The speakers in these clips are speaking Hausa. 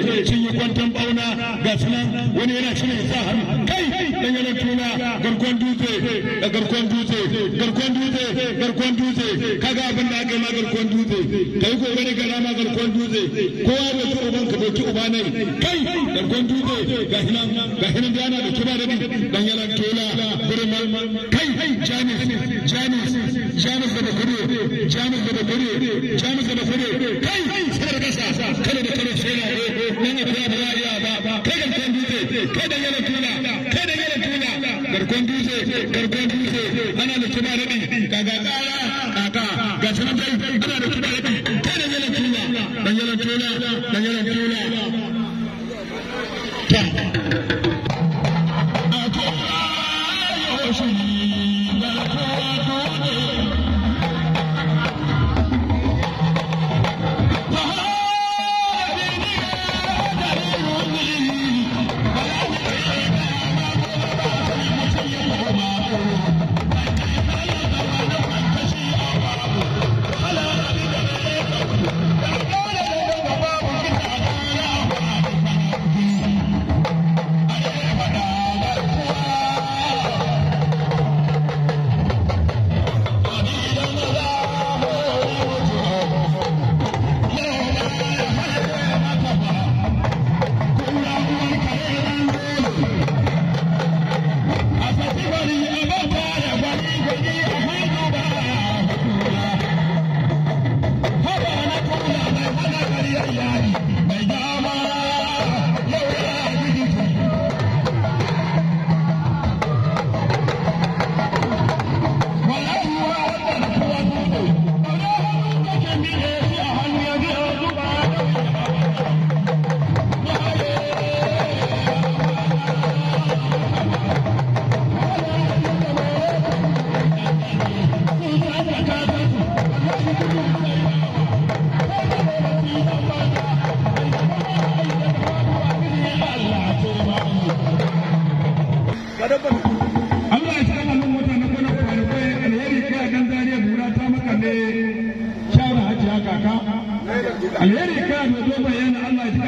sun yi kwanton bauna ga sunan wani yana shi ne sa kai dan yana tuna garkon dutse da garkon dutse garkon dutse garkon dutse kaga abin da aka ma garkon dutse kai kokari ka garkon dutse kowa da uban ka uba kai garkon dutse ga ga da yana da kiba da dan kai jamus jamus jamus da bakure jamus da bakure jamus da bakure kai sai da kasa kada da kada sai na eh, eh nan akwai ba ya iya ba kai da kan dutse kai da yana tuna kai da yana tuna garkon dutse garkon dutse ana da kuma rabi kaga tsara kaka alheri ka da zo bayyana Allah ya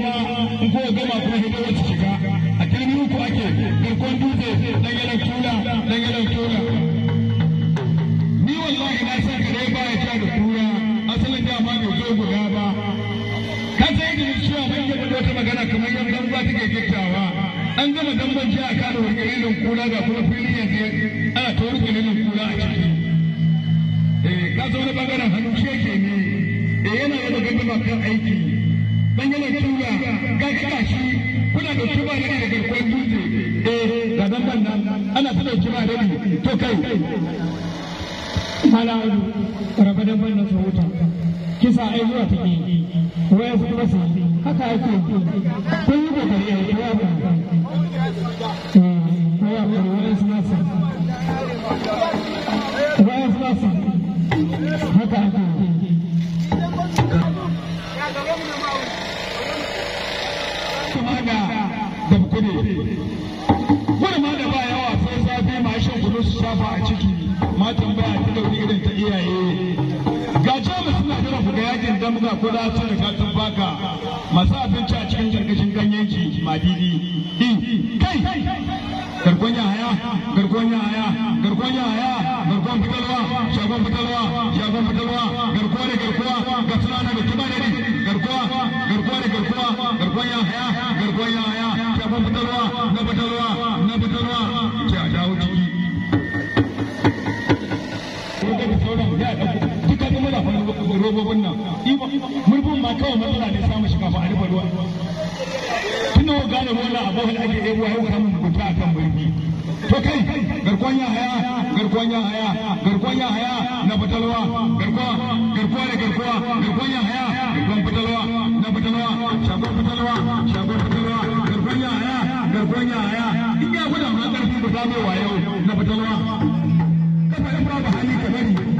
gittawa an gama ji a kada wakilin kura ga kuma fili yanzu ana ta wakilin kura a ciki eh ka zo na bangaren hannu shi yake ne eh yana yana gangama kan aiki dan yana tura ga kada shi kuna da tuba ne da garkuwar dutse eh ga damban nan ana ta dauki ba ni, to kai mala rabadan damban nan su wuta, kisa ai zuwa take wayar su kuma su haka ake kun yi da dariya kowa ba kowa ba wani suna sa wani suna ba haka ake kuma ga dabkure wani ma da ba yawa sai safe mashin kudu su shafa a ciki matan baya ta dauri irin ta iyaye ga jamus suna jira ku yakin damga ko za su da haka masu abinci a cikin jirgin kan yanki madidi kai gargonya haya, gargonya haya, garkon yaya garkon fitarwa shagon fitarwa shagon fitarwa garkuwa da garkuwa ga suna da kima da garkuwa garkuwa da garkuwa garkon yaya garkon yaya shagon fitarwa na fitarwa na fitarwa ce a dawo ciki robobin nan amma kawai matsala ne samun shiga a rufe ruwa tun da gane ruwan da abubuwan ake ɗebo ya kamun mugunta a kan birni to kai garkon ya haya garkon ya haya garkon ya haya na fitalwa garkuwa garkuwa da garkuwa garkon ya haya fitalwa na fitalwa shagon fitalwa shagon fitalwa garkon ya haya garkon ya haya in ya gwada ma ƙarfi ba ta na fitalwa kafa ba hali kamari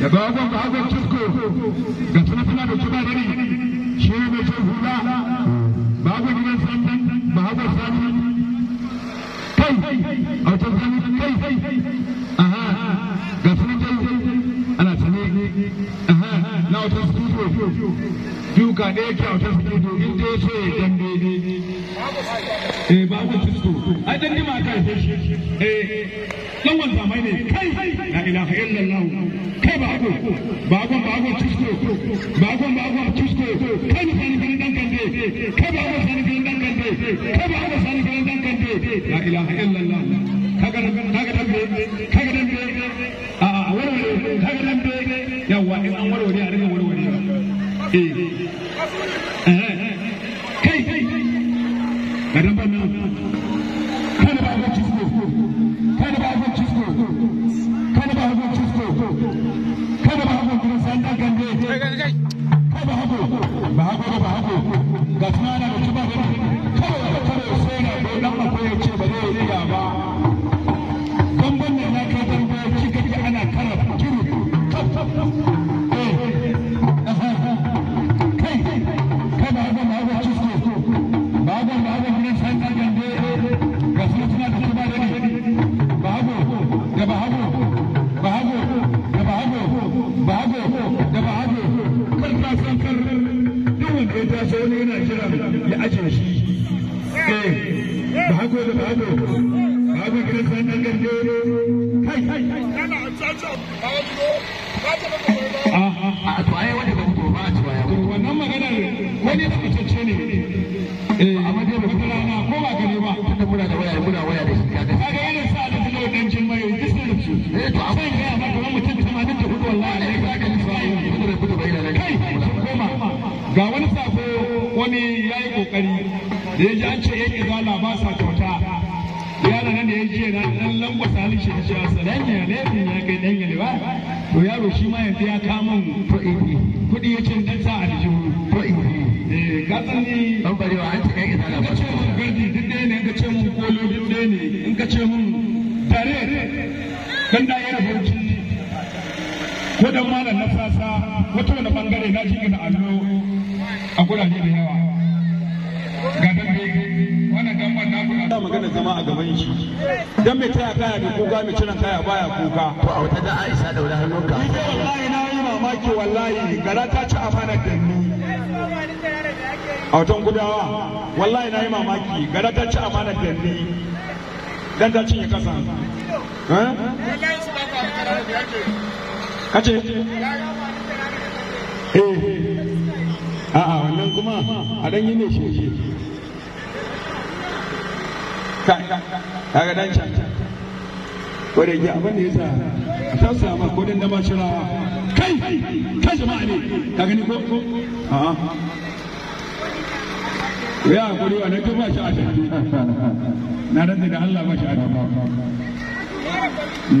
दबाव बाबो किसको गठनफला बचुबा रही शेर में जो भूला बाबो जीवन संधन बाबो साधन कई और जब हम कई हाँ गठन जल अला सनी हाँ ना उठा स्कूल क्यों का ने क्या उठा स्कूल इन देशे जंगे ए बाबो किसको अजन्य माता है ए bakon bakon tusko kan sani garin dan kande kai ba sani garin dan kande kai ba sani la ilaha illa kullum muna da waya muna waya da shi kaga kaga yana sa da kuma dan jin mai disney su eh to abin da amma kuma mutum kuma da hudu wallahi ne kuma da bai da kai koma ga wani sako wani yayi kokari da yaji an ce yan izala ba sa kyauta yaro nan da ya je na dan lamba salishi shi a sanan ya ne ya kai dan yalwa to yaro shi ma yanzu ya kamun mu ko dan malam na fasa wata wani bangare na jingina allo a guraje da yawa ga ana magana zama a gaban shi dan mai taya kaya da kuka mai cinan kaya baya kuka to a wata da Aisha da wani hannunka ni wallahi na yi mamaki wallahi gara ta ci da ni a watan gudawa wallahi na yi mamaki gara ta ci amanar da ni dan ta cinye kasa eh? kace eh a'a wannan kuma a dan yi ne shi shi ka ka ga dan can ko da yake abin da yasa a tausa ma ko dan dama shirawa kai kai jama'a ne ka gani ko ko a'a ya hakuri wannan duk ba shi a shi na rantsa da Allah ba shi a shi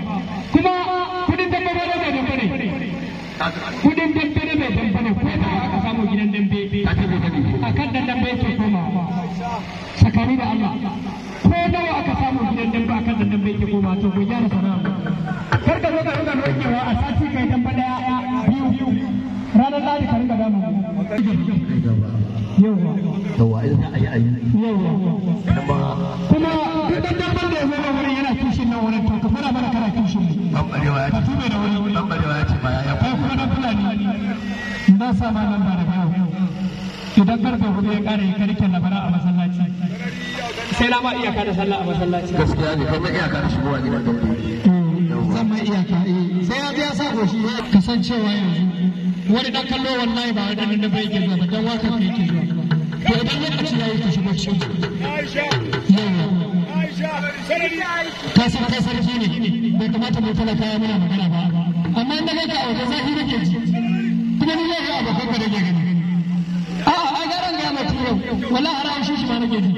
yawa za a yi ayi kuma duk dabban da ya zo wurin yana tushen nan wurin to ka fara mana kana ya ce tube da ya ce ba ya kai kuma dan fulani na sa ma nan ba da idan karfe hudu ya kare ya karke a masallaci sai na ma sallah a masallaci gaskiya ne shigowa gidan dabbobi eh, zan ma eh. sai ya biya sa goshi kasancewa yanzu wani dan kallo wallahi ba dan da bai ke zuwa ba dan waka ne ke zuwa to idan lokaci yayi ka shigo cikin Aisha ka san kai sarki ne bai kamata mu talaka ya muna magana ba amma in da kai ka auka zafi nake ji kuma ni zai ga abokan ka da ke gani a ai garan ga mutum wallahi haram an shi shi ma nake ji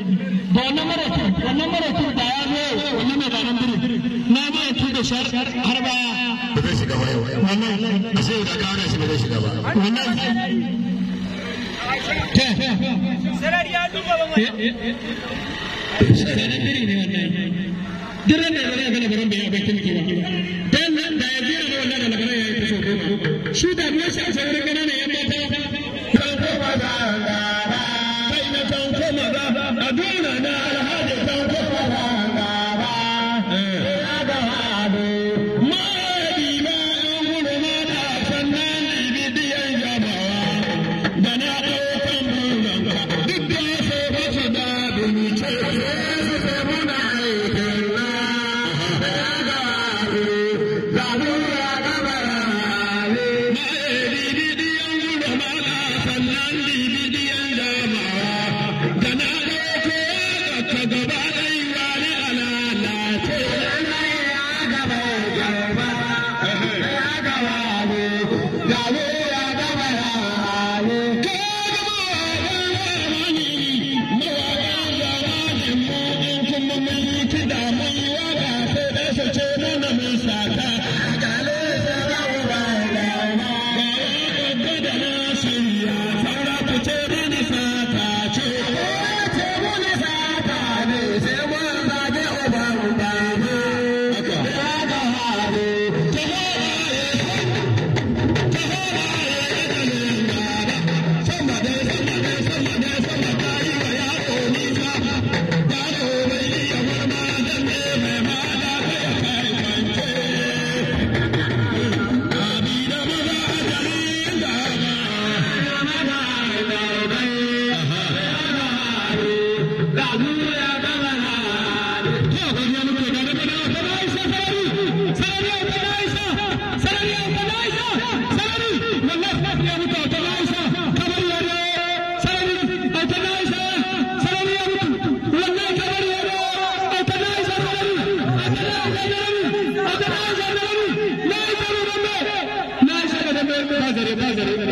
da wannan maratin wannan da ya zo wannan mai biri na ma ya shar har baya ba zai shiga ba yau wannan a sai da kawo shi ba zai shiga ba wannan ya duba ba biri ne wannan da zai gana garan bai dan nan da ya jira wannan da ya yi shi da shi a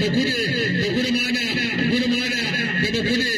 da kudu da kudu mana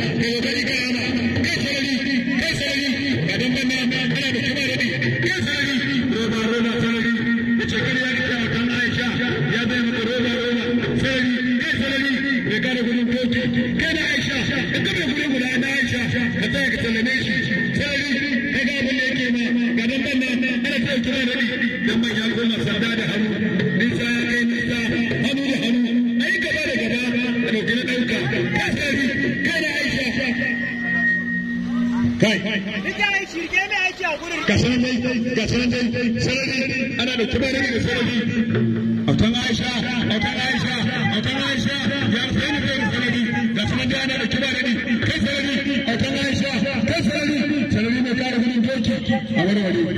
Hey, hey, hey, hey. ga sanan dai sarari ana da kibar da sarari autan aisha autan aisha autan aisha ya fani da sarari ga sanan ana da kibar da kai sarari autan aisha kai sarari sarari mai kare gudun doki a wani wani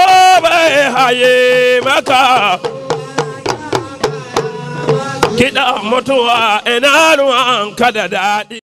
haye maka kiɗa mutuwa ina ruwan ka da daɗi